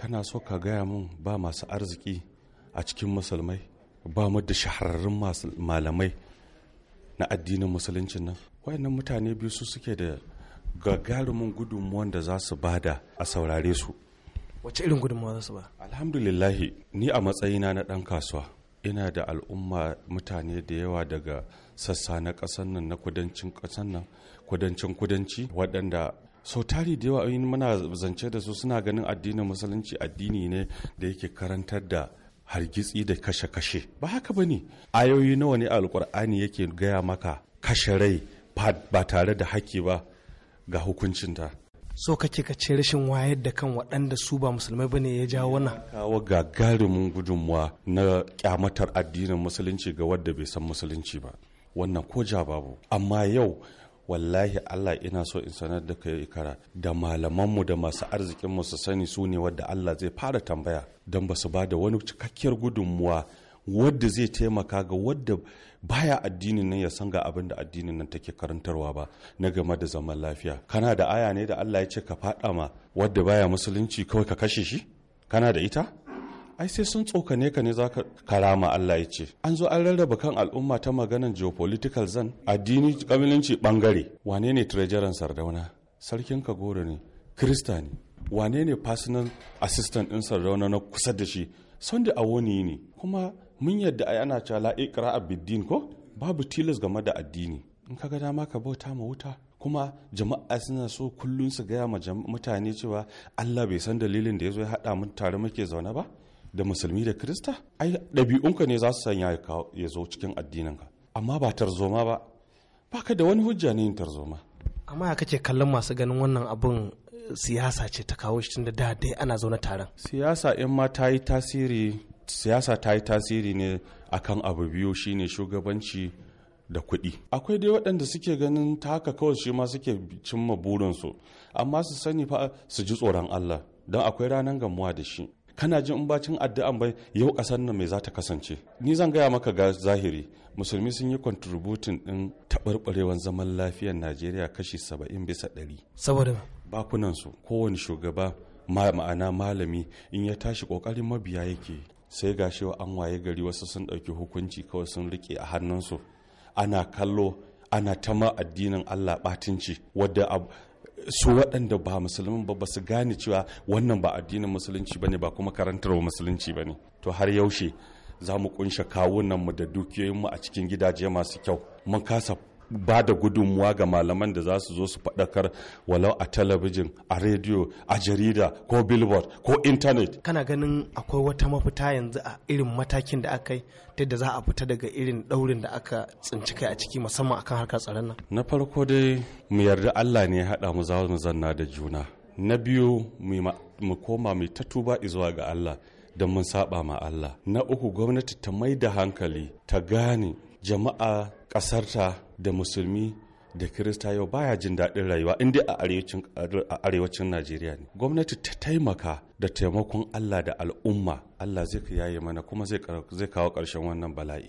kana so ka gaya mun ba masu arziki a cikin musulmai ba mu da shahararrun malamai na addinin musuluncin nan wayannan mutane biyu su suke da gagarumin gudunmuwan da za su bada a saurare su wace irin gudunmuwa za su ba alhamdulillahi ni a matsayina na dan kasuwa ina da al'umma mutane da yawa daga sassa na kasan nan na kudancin kasan nan kudancin kudanci waɗanda sau tari da yawa in muna zance da su suna ganin addinin musulunci addini ne da yake karantar da hargitsi da kashe-kashe ba haka ba ne ayoyi nawa ne alkur'ani yake gaya maka kashe rai ba tare da haƙƙi ba ga hukuncinta so kake ka ce rashin wayar da kan waɗanda su ba musulmai ba ne ya jawo wannan kawo gagarumin gudunmuwa na kyamatar addinin musulunci ga wadda bai san musulunci ba wannan ko ja babu amma yau wallahi Allah ina so in sanar da kai kara da malamanmu da masu arzikin mu su sani su ne wadda Allah zai fara tambaya don ba su ba da wani cikakkiyar gudunmuwa wadda zai taimaka ga wadda baya addinin nan ya san ga abin da addinin nan take karantarwa ba na game da zaman lafiya kana da aya ne da Allah ya ce ka faɗa ma wadda baya musulunci kawai ka kashe shi kana da ita ai sai sun tsokane ka ne za ka karama Allah ya ce an zo an rarraba kan al'umma ta maganan geopolitical zan addini kabilanci bangare wane ne treasurer sardauna sarkin kagoro ne krista ne wane ne personal assistant din sardauna na kusa da shi sunday awoni ne kuma mun yadda ai ana cewa la iqra biddin ko babu tilas game da addini in ka ga dama ka bauta ma wuta kuma jama'a suna so kullum su gaya ma mutane cewa Allah bai san dalilin da ya zo ya haɗa mu tare muke zaune ba da musulmi da krista ai ɗabi'unka ne za su sanya ya zo cikin addininka amma ba tarzoma ba ba ka da wani hujja ne yin tarzoma amma ya kake kallon masu ganin wannan abun eh, siyasa ce ta kawo shi tunda da dai ana zaune taron siyasa in ma ta yi tasiri siyasa ta yi tasiri ne akan abu biyu shine shugabanci da kuɗi akwai dai waɗanda suke ganin ta haka kawai shi ma suke cimma burinsu amma su sani fa su ji tsoron allah don akwai ranar gamuwa da shi kana jin in bacin addu'an bai yau kasar nan mai za ta kasance ni zan gaya maka ga zahiri musulmi sun yi contributing din taɓarɓarewar zaman lafiyar najeriya kashi saba'in bisa ɗari saboda bakunansu kowane shugaba ma'ana malami in ya tashi ƙoƙarin mabiya yake sai ga shewa an waye gari wasu sun ɗauki hukunci kawai sun riƙe a hannunsu ana kallo ana ta ma addinin allah ɓatinci wadda su waɗanda ba musulmin ba su gane cewa wannan ba addinin musulunci ba ne ba kuma karantar musulunci ba ne to har yaushe za mu kunshe kawunanmu da dukiyoyinmu a cikin gidaje masu kyau mun kasa ba da gudunmuwa ga malaman da za su zo su faɗakar walau a talabijin a rediyo a jarida ko billboard ko intanet kana ganin akwai wata mafita yanzu a irin matakin da aka yi ta da za a fita daga irin ɗaurin da aka tsinci kai a ciki musamman akan harkar tsaron nan na farko dai mu yarda allah ne ya haɗa mu za mu zanna da juna na biyu mu koma mai ta tuba zuwa ga allah don mun saba ma allah na uku gwamnati ta mai da hankali ta gane jama'a ƙasarta da musulmi da kirista yau baya jin daɗin rayuwa in a arewacin najeriya ne gwamnati ta taimaka da taimakon allah da al'umma allah zai yaye mana kuma zai kawo ƙarshen wannan bala'i